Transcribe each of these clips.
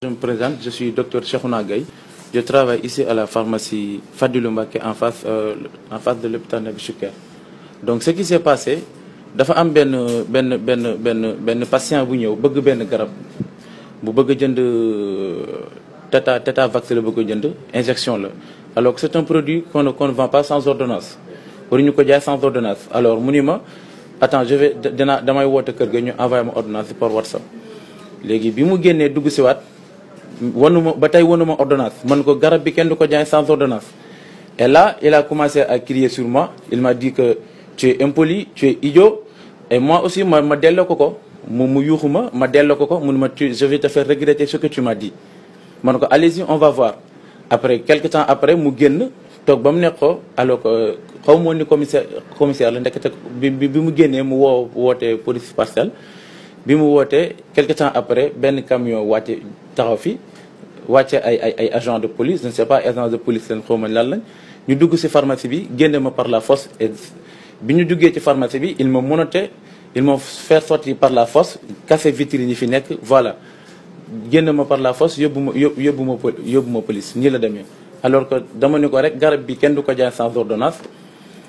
Je me présente, je suis docteur Cheikhouna Gaye. Je travaille ici à la pharmacie Fadilou en face, euh, en face de l'hôpital Nabichouker. Donc ce qui s'est passé, dafa am benn benn ben, ben, ben, patient bu ñëw bëgg benn garab bu bëgg jënd euh, tata tétavax le bëgg jënd injection là. alors que c'est un produit qu'on qu'on ne vend pas sans ordonnance waruñu ko jaay sans ordonnance alors mu attends je vais dinaa damay woote kër ga ñu envoyé ma ordonnance par WhatsApp Les bi mu génnee dugg si waat wanuma ba tey ordonnance man ko garab bi kenn du ko sans ordonnance et là il a commencé à crier sur moi il m'a dit que tu es impoli tu es idiot et moi aussi ma ma delloo ko ko mu mu ma delo delloo ko ko tu je vais te faire regretter ce que tu m'as dit man ko allez-y on va voir après quelques temps après mu guen tok bam mu ko alors que xaw ni commissaire commissaire la ndekete bi bi mu génnee mu woo woote police parcelle Quelques temps après ben camion wàcce taxaw fi ay ay agent de police je ne sais pas agent de police ou pas. lan lañ ñu dugg ci pharmacie bi par la force et bi ci pharmacie bi il il faire sortir par la force casser vitrine yi fi voilà par la force yobuma yobuma police ni la alors que dama ni ko rek garab bi kenn du sans ordonnance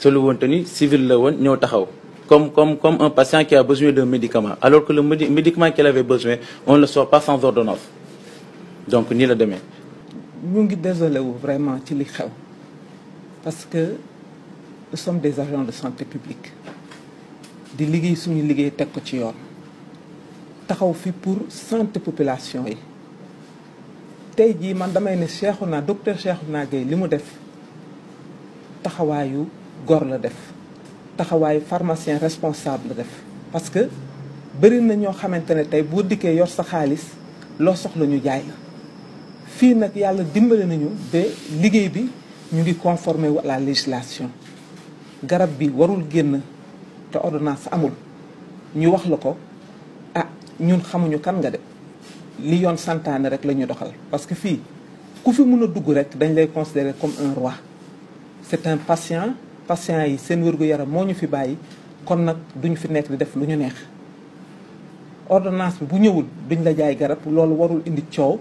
solu civil la woon taxaw comme comme comme un patient qui a besoin d'un médicament alors que le médicament qu'il avait besoin on ne le sort pas sans ordonnance donc ni le demain. ñu ngi désolé vraiment ci li parce que nous sommes des agents de santé publique di sommes suñu agents de ko ci yoon taxaw fi pour santé population yi tey jii man damay ne Cheikhouna docteur Cheikhouna Gaye li mu def taxawaayu gor la def taxaway pharmacien responsable def parce que bëri na ñoo xamante ne tey boo yor sa xaalis lo soxla ñu jaay la fii nag yàlla dimbali nañu ba ligéy bi ñu ngi conformer la législation garab bi warul génn té ordonnance amul ñu wax la ko ah ñun xamuñu kan nga def li yoon santaane rek lañu doxal parce que fi ku fi mëna dugg rek dañ lay considérer comme un roi c'est un patient patients yi seen wér-gu-yaram moo ñu fi bàyyi kon nag duñu fi nekk di def lu ñu neex ordonnance bi bu ñëwul duñ la jaay garab loolu warul indi coow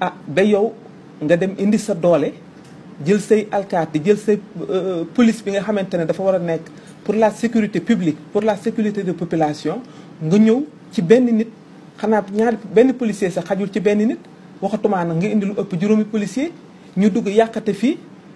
ah ba yow nga dem indi sa doole jël say di jël say euh, police bi nga xamante ne dafa war a nekk pour la sécurité publique pour la sécurité de population nga ñëw ci benn nit xanaa ñaari benn policier sax xajul ci benn nit waxatumaa nag nga indi lu ëpp juróomi policier ñu dugg yàqate fii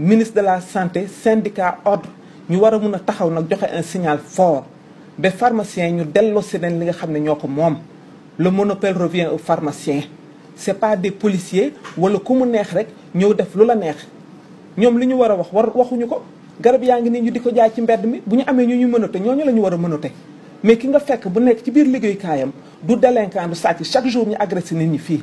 ministre de la santé syndicat ordre ñu war a mun taxaw un signal fort ba pharmaciens yi ñu delloo si leen li nga xam le monopole revient aux pharmaciens c'est pas des policiers wala ku mu neex rek ñëw def lu la neex ñoom li ñu war a wax war waxuñu garab yaangi ni ñu diko ko jaay ci mbedd mi bu ñu ñu ñu mënate ñooñu la ñu war a mais ki nga fekk bu nekk ci biir kayam du délinquant du chaque jour ñu agressé nit ñi fii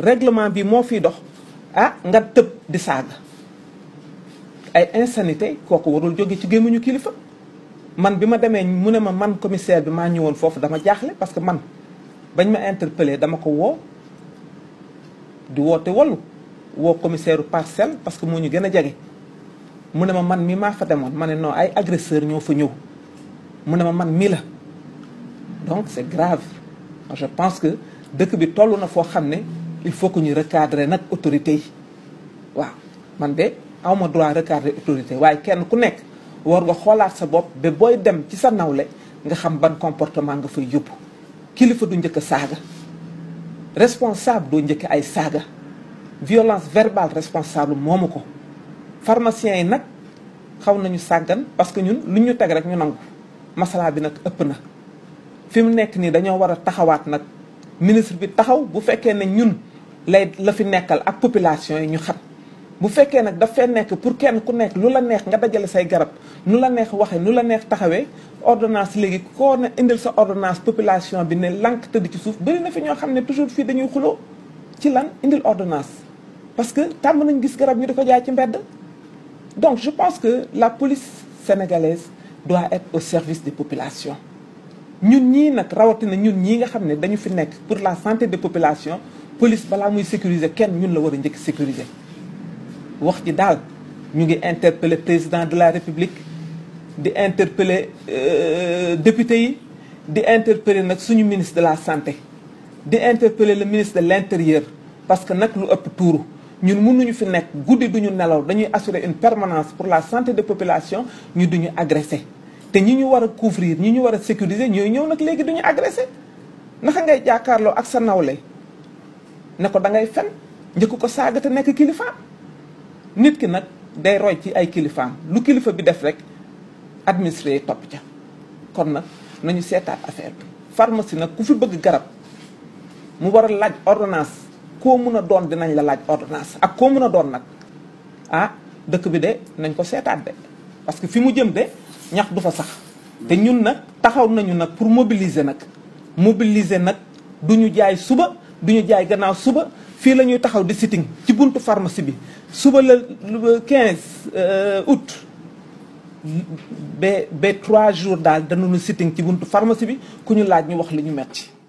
règlement bi mo fi dox ah nga tëb di saga ay insanité kooku warul jóge ci gemuñu kilifa man bima démé munéma man commissaire bi ma ñëwone fofu dama jaxlé parce que man bañ ma interpellé dama ko wo du woote wallu wo commissaire parcelle parce que moo ñu gën a jege man mi ma fa demoon mané non ay agresseur ñoo fa ñëw munéma man mi la donc c'est grave je pense que dëkk bi tollu na fo xamné il faut que ñu recadrer nag autorité yi waaw man de awma droit recadrer autorité waaye kenn ku nekk war nga xoolaat sa bopp ba booy dem ci sa nawle nga xam ban comportement nga fay yóbbu kilifa du njëkk a saaga responsable doo njëkk ay saaga violence verbale responsable moomu ko pharmaciens yi nag xaw nañu sàggan parce que ñun lu ñu teg rek ñu nangu masala bi nag ëpp na fi mu nekk nii dañoo war a taxawaat nag ministre bi taxaw bu fekkee na ñun l'aide la fi nekkal ak population ñu xat bu pour kenn ku nekk la neex la neex waxe la neex ordonnance sa ordonnance population bi ne toujours ordonnance parce que donc je pense que la police sénégalaise doit être au service des populations ñun pour la santé des populations police bala muy sécuriser ken ñun la wara a sécuriser wax ci dal ñu ngi interpeller président de la république di interpeller euh, député yi di interpeller nak suñu ministre de la santé di interpeller le ministre de l'intérieur parce que nak lu ëpp tuuru ñun mënuñu fi nek nous duñu nelaw dañuy assurer une permanence pour la santé de population ñu duñu agresser. té ñi ñu wara couvrir ñi ñu wara sécuriser ñoy ñew nak légui duñu agresser naka ngay jakarlo ak sa nawle ne ko da ngay fen njëkk ko saaga te nekk kilifaam nit ki nag day roy ci ay kilifaam lu kilifa bi def rek administré yi topp ca kon nag nañu seetaat affaire bi pharmacie nag ku fi bëgg garab mu war a laaj ordonnance koo mun a doon dinañ la laaj ordonnance ak koo mun a doon nag ah dëkk bi de nañ ko seetaat de parce que fi mu jëm de ñax du fa sax te ñun nag taxaw nañu nag pour mobiliser nag mobiliser nag du ñu jaay suba du ñu jaay gannaaw suba fii la ñuy taxaw di sitting ci buntu pharmacie bi suba la quinze euh, août ba ba 3 jours daal danañu sitting ci buntu pharmacie bi ku ñu laaj ñu wax li ñu metti